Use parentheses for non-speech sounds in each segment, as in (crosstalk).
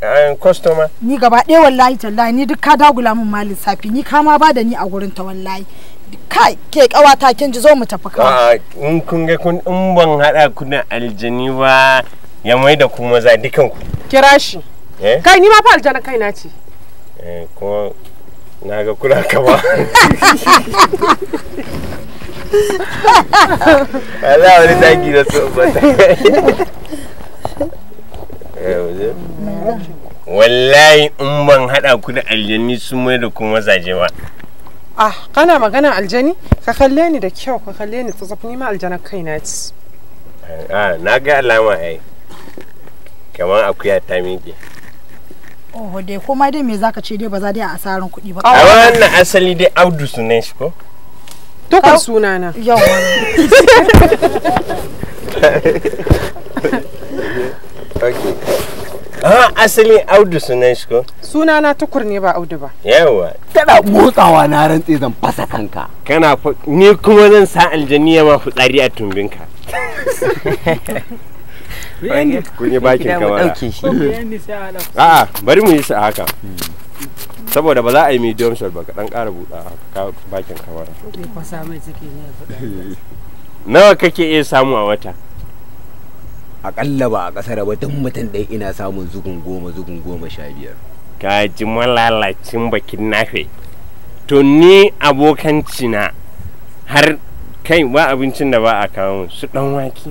Eh, customer ni gaba ɗaya wallahi tallahi ni duk ka dagula min malin safi ni kama ba da ni a gurin ta wallahi kai ke kawata kin ji zo mu tafi ka in kun ga kun in ban hada ku da aljani ba ya mai da ku maza dukan ku kira shi eh? kai ni ma fa aljana kai na ce eh kuma na ga kula ka ba Allah wani zagi da so ba (laughs) wallahi in ban haɗa ku da aljani sun mai da kuma zaje ba ah kana magana aljani ka kalle ni da kyau ka kalle ni tsatsaf ni ma aljanar na ci ah na ga alama ai kamar akuya ta miƙe oh dai kuma dai me zaka ce dai ba za dai a asarin kuɗi ba a wannan asali dai audu sunan shi ko to kan sunana yawa (laughs) (laughs) amma asalin audu sunan shi ko suna na tukur ne ba audu ba yawa tana motsawa na rantse zan fasa kanka kana ni kuma zan sa aljaniya ma fitsari a tumbinka kun Kunye bakin kamara (laughs) a'a bari mu yi su haka hmm. saboda ba za a yi medium shot ba kaɗan ƙara buɗa haka bakin kamara nawa kake iya samu a wata akalla ba a kasar ba duk mutum ɗaya ina samun zugun goma zugun goma sha biyar ka ji malalacin bakin nafe to ni abokan cina har kai ba abincin da ba a kawo su dan wake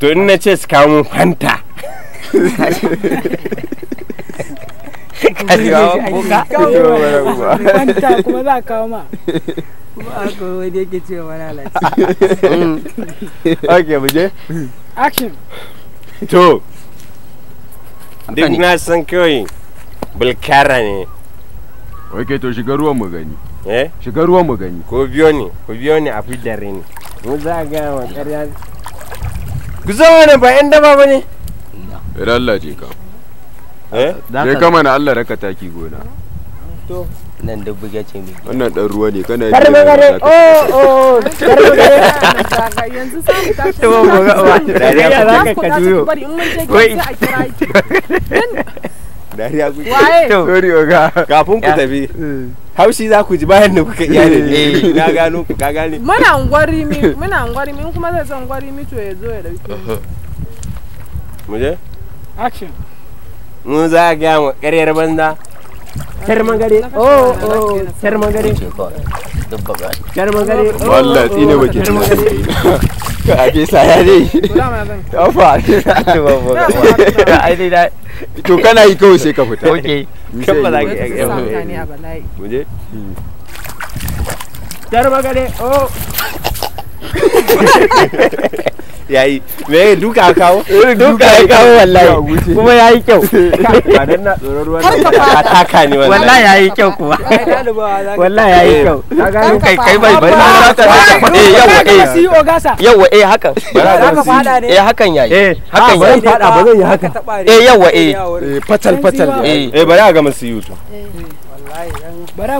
to in na ce su kawo hanta mm. action to duk na san kawai bulkara ne ok to shiga ruwan mu gani eh shiga ruwan mu gani ko biyo ne ko biyo ne a fidare ne mu za ga wa ƙarya ku zama ba yan daba ba ne idan Allah eh? je ka je ka mana Allah raka taki gona to nan da buga ce mai wannan dan ruwa ne kana oh oh (laughs) ta ba ba ya ka juyo (laughs) dariya ku to sorry oga kafin ku tafi hmm. haushi za ku ji bayan da kuka iya da ni eh. eh, na gano ku ka gane muna ngwari mi muna ngwari mi kuma zai san ngwari mi to ya zo ya dauke mu je action mun za ga mu ƙaryar banza Cermangare, oh oh, Gare. Cermangare, oh. oh Wallah, tsine baki (laughs) Ka ake saya dai. Ofa, ta (laughs) Ai dai to kana yi kawai sai ka fita (laughs) ok kan ba za ka yi a bala'i hmm. oh (laughs) yayi me duka kawo duka ya kawo eh, wallahi kuma yi kyau (laughs) ba dan na tsoron ruwan da ka taka ni wallahi wallahi yayi kyau kuma wallahi yi kyau eh, kai kai bai bari na ta eh yawa eh CEO gasa yawa eh hakan haka fada ne eh hakan yayi eh hakan yayi fada ba zai yi haka eh yawa eh, eh fatal fatal eh bari a ga masu yuto wallahi